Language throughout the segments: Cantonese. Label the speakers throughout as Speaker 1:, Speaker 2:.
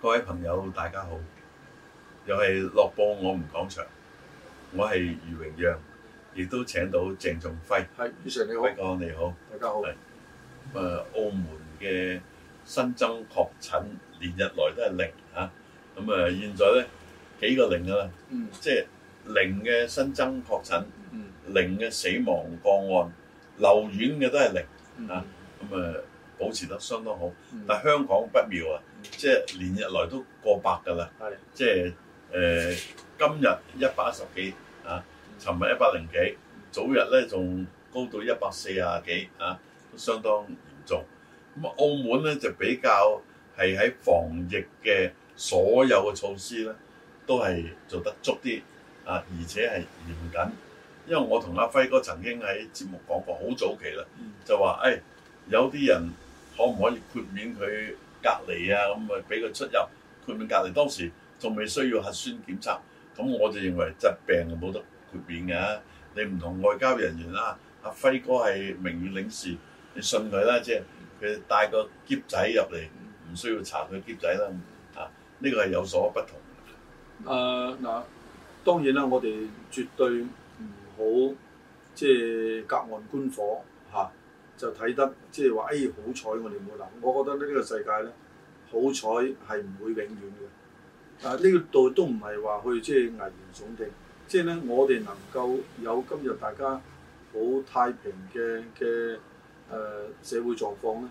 Speaker 1: 各位朋友，大家好！又係樂報，我哋講場，我係余榮陽，亦都請到鄭仲輝。係，余 Sir 你好，輝哥你好，大家好。咁啊，澳門嘅新增確診連日來都係零吓，咁啊，現在咧，幾個零啊，即係零嘅新增確診，零嘅死亡個案。留院嘅都係零、嗯、啊，咁啊保持得相當好。嗯、但香港不妙啊，嗯、即係連日來都過百㗎啦。係，即係誒、呃、今日一百一十幾啊，尋日一百零幾，早日咧仲高到一百四十幾啊，都相當嚴重。咁、啊、澳門咧就比較係喺防疫嘅所有嘅措施咧，都係做得足啲啊，而且係嚴謹。因為我同阿輝哥曾經喺節目講過，好早期啦，就話誒、哎、有啲人可唔可以豁免佢隔離啊？咁啊，俾佢出入豁免隔離。當時仲未需要核酸檢測，咁我就認為疾病冇得豁免嘅。你唔同外交人員啦，阿輝哥係名譽領事，你信佢啦，即係佢帶個篋仔入嚟，唔需要查佢篋仔啦。啊，呢個係有所不同。誒嗱、呃呃，
Speaker 2: 當然啦，我哋絕對。好，即係隔岸觀火嚇，啊、就睇得即係話，哎好彩我哋冇諗。我覺得咧呢個世界咧，好彩係唔會永遠嘅。但呢個度都唔係話去即係危言聳聽。即係咧，我哋能夠有今日大家好太平嘅嘅誒社會狀況咧，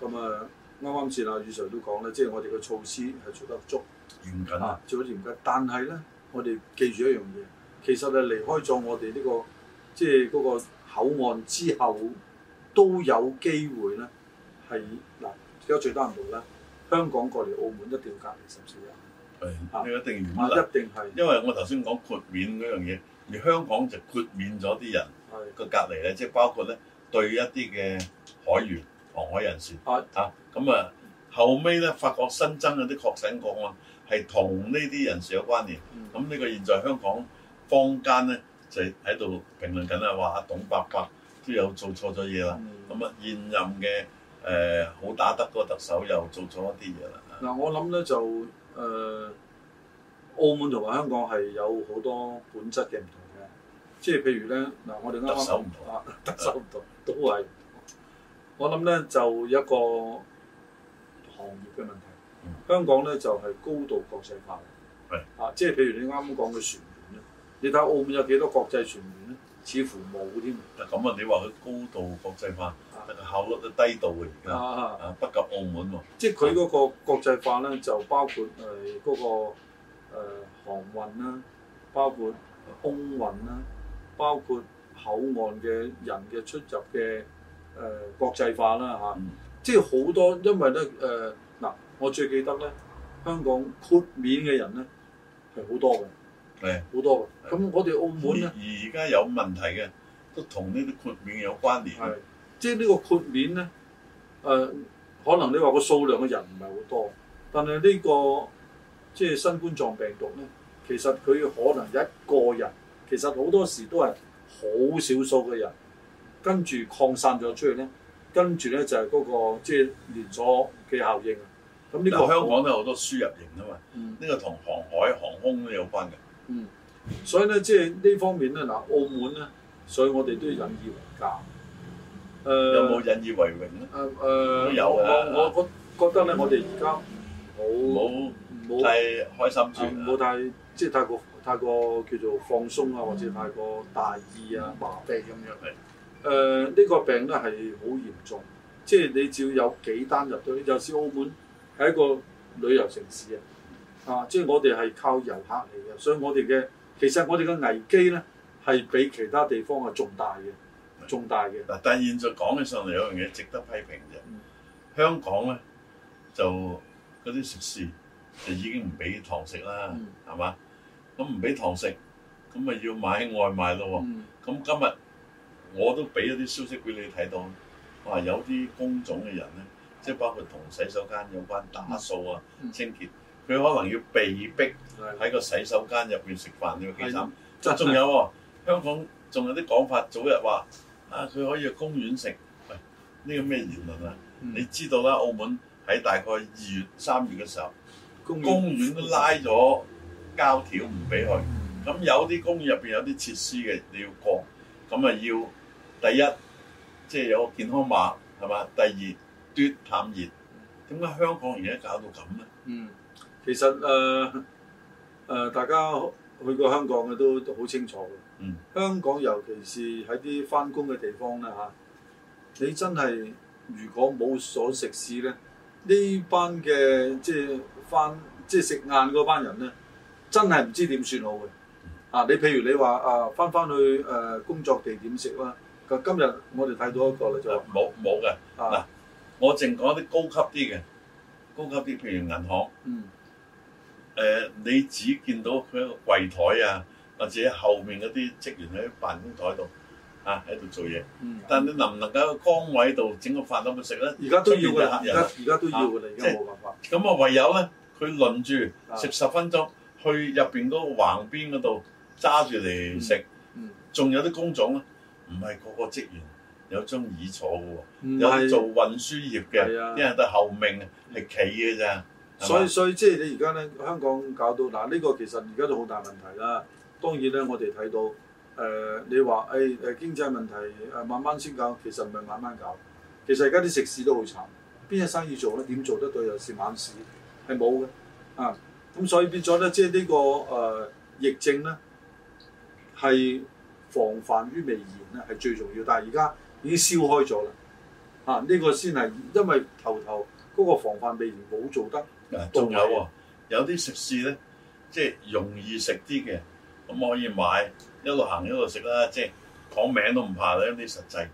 Speaker 2: 咁、嗯、啊啱啱先阿余 Sir 都講咧，即係我哋嘅措施係做得足嚴謹啊，最、啊、嚴謹。但係咧，我哋記住一樣嘢。其實啊，離開咗我哋呢、呢個即係嗰個口岸之後，都有機會咧，係嗱而家最多人擔心咧，香港過嚟澳門一定要隔離十四日。係是，你、啊、一定唔得。一定係，因為我頭先講豁免嗰樣嘢，而香港就豁免咗啲人
Speaker 1: 個隔離咧，即係是包括咧，對一啲嘅海員、航海人士。是啊，咁啊後尾咧發覺新增嗰啲確診個案係同呢啲人士有關聯，咁呢、嗯、個現在香港。坊間咧就喺度評論緊啦，話啊董伯伯都有做錯咗嘢啦。咁啊、嗯、現任嘅誒、呃、好打得個特首又做咗一啲嘢啦。
Speaker 2: 嗱、嗯、我諗咧就誒、呃、澳門同埋香港係有好多本質嘅唔同嘅，即係譬如咧嗱我哋啱啱特首唔同啊，特首唔同都係 我諗咧就一個行業嘅問題。香港咧就係、是、高度國際化嘅，啊即係譬如你啱啱講嘅船。你睇澳門有幾多國際船員咧？似乎冇添。咁啊，你話佢高度國際化，效率都低度嘅而家，啊，不及澳門喎。啊、即係佢嗰個國際化咧，就包括誒、那、嗰個航、呃、運啦，包括空運啦，包括口岸嘅人嘅出入嘅誒、呃、國際化啦嚇。啊嗯、即係好多，因為咧誒嗱，我最記得咧，香港豁免嘅人咧係好多嘅。係好多嘅，咁我哋澳門而家有問題嘅都同呢啲豁免有關聯嘅，即係呢個豁免咧，誒、呃、可能你話個數量嘅人唔係好多，但係呢、這個即係新冠狀病毒咧，其實佢可能一個人，其實好多時都係好少數嘅人，跟住擴散咗出去咧，跟住咧就係嗰、那個即係連鎖嘅效應啊。咁呢、這個香港都有好多輸入型啊嘛，呢、嗯、個同航海、航空都有關嘅。 嗯，所以咧，即係呢方面咧，嗱，澳門咧，所以我哋都要引以為戒。誒、呃，有冇引以為榮咧？誒誒、呃，有啊，我我我覺得咧，嗯、我哋而家唔好太開心，唔好太即係太過太過，太過叫做放鬆啊，嗯、或者太過大意啊、麻痹咁樣嘅。誒是，呢、呃呢個病咧係好嚴重，即係你只要有幾單入到去，就算澳門係一個旅遊城市啊。啊！即係我哋係靠遊客嚟嘅，所以我哋嘅其實我哋嘅危機咧係比其他地方係重大嘅，重是大嘅。嗱，但現在講起上嚟有樣嘢值得批評嘅，嗯、香
Speaker 1: 港咧就嗰啲食肆就已經唔俾堂食啦，係嘛、嗯？咁唔俾堂食，咁咪要買外賣咯。咁、嗯、今日我都俾一啲消息俾你睇到，話有啲工種嘅人咧，即係包括同洗手間有關打掃啊、清潔潔。佢可能要被逼喺個洗手間入邊食飯㗎，其實的，仲有的、哦、香港仲有啲講法，早日話啊，佢可以去公園食，呢、哎呢個咩言論啊？嗯、你知道啦，澳門喺大概二月三月嘅時候，公園園都拉咗膠條唔俾佢。咁、嗯、有啲公園入邊有啲設施嘅，你要過咁啊，要第一即係、就是、有個健康碼係嘛，第二篤探熱。
Speaker 2: 點解香港而家搞到咁咧？嗯。其實誒誒、呃呃，大家去過香港嘅都好清楚嘅。嗯。香港尤其是喺啲返工嘅地方咧嚇、啊，你真係如果冇所食肆咧，呢班嘅即係翻即係食晏嗰班人咧，真係唔知點算好嘅。嗯、啊！你譬如你話啊，返返去誒、呃、工作地點食啦、啊。今日我哋睇到一個咧就冇冇嘅嗱，我淨講啲高
Speaker 1: 級啲嘅高級啲，譬如銀行。嗯。嗯嗯。誒，你只見到佢一個櫃台啊，或者後面嗰啲職員喺辦公台度啊喺度做嘢，但你能唔能夠喺個崗位度整個飯攤去食咧？而家都要嘅，而家而家都要噶啦，而家冇辦法。咁啊，唯有咧，佢輪住食十分鐘，去入邊嗰橫邊嗰度揸住嚟食。仲有啲工種咧，唔係個個職員有張椅坐嘅喎，有係做運輸業嘅啲人，佢後命係企嘅咋。
Speaker 2: 所以所以即係你而家咧，香港搞到嗱，呢、這個其實而家都好大問題啦。當然咧，我哋睇到誒、呃，你話誒誒經濟問題誒慢慢先搞，其實唔係慢慢搞。其實而家啲食肆都好慘，邊有生意做咧？點做得到有時晚市？係冇嘅啊。咁所以變咗咧，即係呢、這個誒、呃、疫症咧，係防範於未然咧係最重要。但係而家已經燒開咗啦，啊呢、這個先係因為頭頭。嗰個防範未然冇做得，啊，仲有喎，有啲食肆咧，即係
Speaker 1: 容易食啲嘅，咁可以買一路行一路食啦，即係講名都唔怕啦，啲實際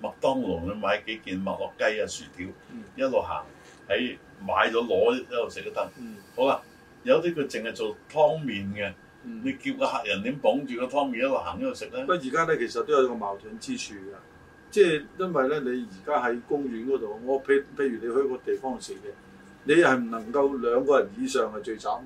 Speaker 1: 麥當勞你買幾件麥樂雞啊薯條，嗯、一路行喺買咗攞一路食都得，嗯、好啦，有啲佢淨係做湯
Speaker 2: 麵嘅，你叫個客人點綁住個湯麵一路行一路食咧？不過而家咧其實都有個矛盾之處嘅。即係因為咧，你而家喺公園嗰度，我譬譬如你去個地方食嘢，你係唔能夠兩個人以上係最慘。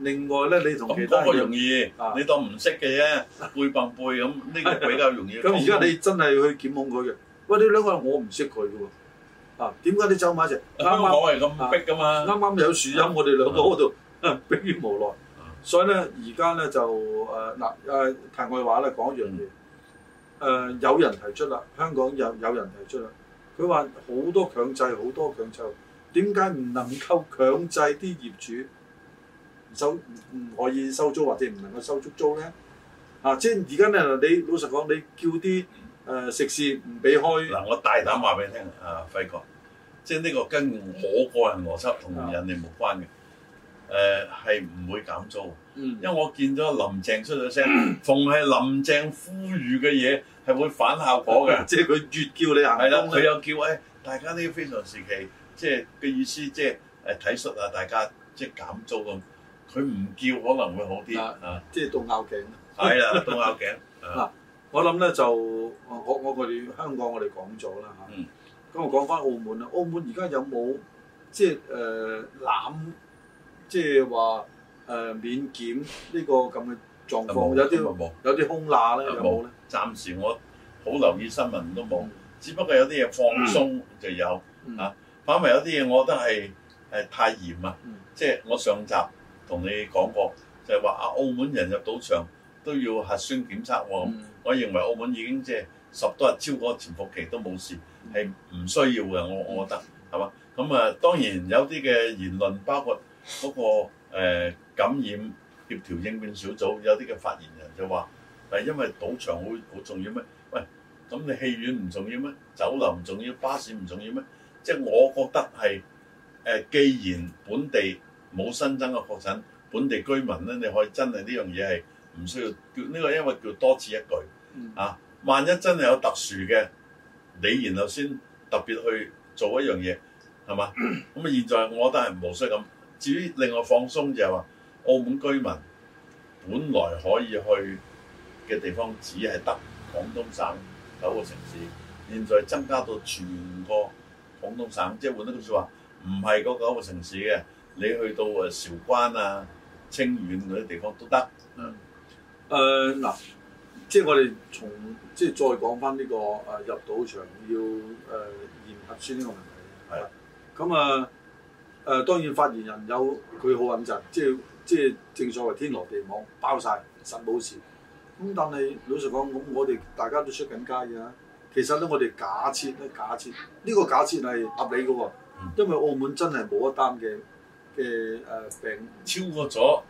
Speaker 2: 另外咧，你同咁嗰個容易，你當唔識嘅啫，背笨背咁，呢個比較容易。咁而家你真係去檢控佢嘅，喂，你兩個人我唔識佢㗎喎，啊，點解你走埋一齊？啱啱我係咁逼㗎嘛，啱啱有樹蔭，我哋兩個喺度，逼悲於無奈。所以咧，而家咧就誒嗱誒，題外話咧，講一樣嘢。誒、呃、有人提出啦，香港有有人提出啦，佢話好多強制，好多強制，點解唔能夠強制啲業主收唔可以收租或者唔能夠收足租咧？啊，即係而家咧，你老實講，你叫啲誒、呃、食肆唔俾開嗱，我大膽話俾你聽啊，啊，輝哥，即係呢個跟
Speaker 1: 我個人邏輯同人哋冇關嘅。誒係唔會減租，因為我見咗林鄭出咗聲，逢係林鄭呼籲嘅嘢係會反效果嘅，即係佢越叫你行，係啦，佢又叫誒、哎，大家呢啲非常時期，即係嘅意思、呃，即係誒體恤啊，大家即係減租咁，佢唔叫可能
Speaker 2: 會好啲，即係到拗頸，係 啦，到拗頸 啊，我諗咧就我我哋香港我哋講咗啦嚇，咁我講翻澳門啊，澳門而家有冇即係誒攬？呃即係話誒免檢呢個咁嘅狀況，有啲有啲空罅咧，有冇點咧？暫時我
Speaker 1: 好留意新聞都冇，嗯、只不過有啲嘢放鬆就有嚇、嗯啊，反為有啲嘢我覺得係誒太嚴啊！即、就、係、是、我上集同你講過，就係話啊，澳門人入賭場都要核酸檢測喎、喔。嗯、我認為澳門已經即係十多日超過潛伏期都冇事，係唔需要嘅。我、嗯、我覺得係嘛？咁啊，當然有啲嘅言論包括。嗰個誒感染協調應變小組有啲嘅發言人就話：，誒因為賭場好好重要咩？喂，咁你戲院唔重要咩？酒樓唔重要，巴士唔重要咩？即係我覺得係誒，既然本地冇新增嘅確診，本地居民咧，你可以真係呢樣嘢係唔需要叫呢個，因為叫多此一舉啊。萬一真係有特殊嘅，你然後先特別去做一樣嘢，係嘛？咁啊，現在我覺得係無需咁。至於另外放鬆就係話，澳門居民本來可以去嘅地方只，只係得廣東省九個城市，現在增加到全個廣東省，即係換得句説話，唔係嗰九個城市嘅，你去到誒韶關啊、清遠嗰啲地
Speaker 2: 方都得。嗯，嗱、呃，即係我哋從即係再講翻呢個誒、啊、入賭場要誒驗核酸呢個問題。係的。咁啊。誒、呃、當然發言人有佢好穩陣，即係即係正所謂天羅地網包晒實，無事。咁、嗯、但係老實講，咁、嗯、我哋大家都出緊街嘅，其實咧我哋假設咧假設呢、呢個假設係合理嘅喎，因為澳門真係冇一單嘅嘅誒病超過咗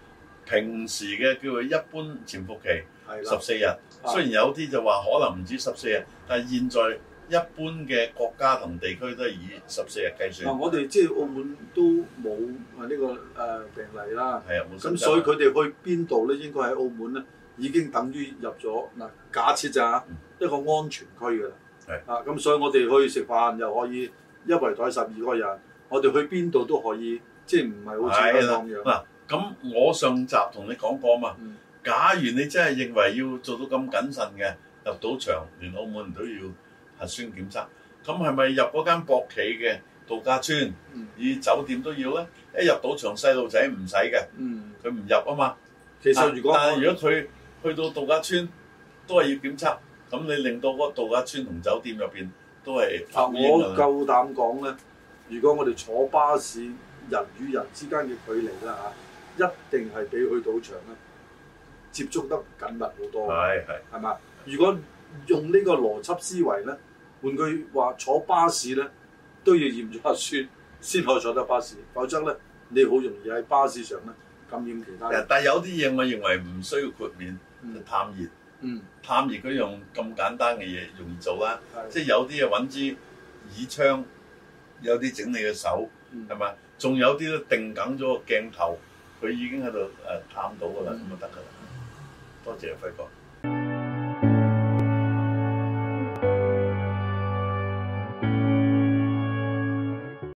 Speaker 2: 平
Speaker 1: 時嘅叫做一般潛伏期十四的日。的雖然有啲就話可能唔止十四日，但係現在。一般嘅國家同地區都係以十四日計算。嗱、嗯，我哋
Speaker 2: 即係澳門都冇啊呢個誒、呃、病例啦。係啊的，冇、嗯。咁所以佢哋去邊度咧？應該喺澳門咧，已經等於入咗嗱。假設就係一個安全區㗎啦。係的啊，咁、嗯、所以我哋去食飯又可以，一圍台十二個人，我哋去邊度都可以，即係唔係好似香港咁樣。係咁、啊、我上集同你
Speaker 1: 講過啊嘛。嗯、假如你真係認為要做到咁謹慎嘅，入到場連澳門都要。核酸檢測，咁係咪入嗰間博企嘅度假村？嗯、以酒店都要咧。一入賭場，細路仔唔使嘅，嗯，佢唔入啊嘛。其實如果但係如果佢去，去到度假村，都係要檢測。咁你令到嗰度假村同酒店入邊
Speaker 2: 都係交叉感染、啊、我夠膽講咧，如果我哋坐巴士，人與人之間嘅距離咧、啊、嚇、啊，一定係比去賭場咧接觸得緊密好多。係係，係嘛的？如果用呢個邏輯思維咧？換句話，坐巴士咧都要驗咗核酸先可以坐得巴士，嗯、否則咧你好容易喺巴士上咧感染其他人。但係有啲
Speaker 1: 嘢我認為唔需要豁免，嗯、就探熱，嗯、探熱佢用咁簡單嘅嘢容易做啦，嗯、即係有啲嘢揾支耳槍，有啲整你嘅手係咪？仲、嗯、有啲都定緊咗個鏡頭，佢已經喺度誒探到㗎啦，咁、嗯、就得㗎啦。多謝輝哥。